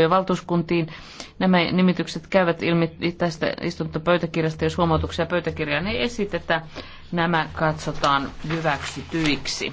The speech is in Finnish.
ja valtuuskuntiin. Nämä nimitykset käyvät ilmi tästä istuntopöytäkirjasta, jos huomautuksia pöytäkirjaan ei esitetä. Nämä katsotaan hyväksytyiksi.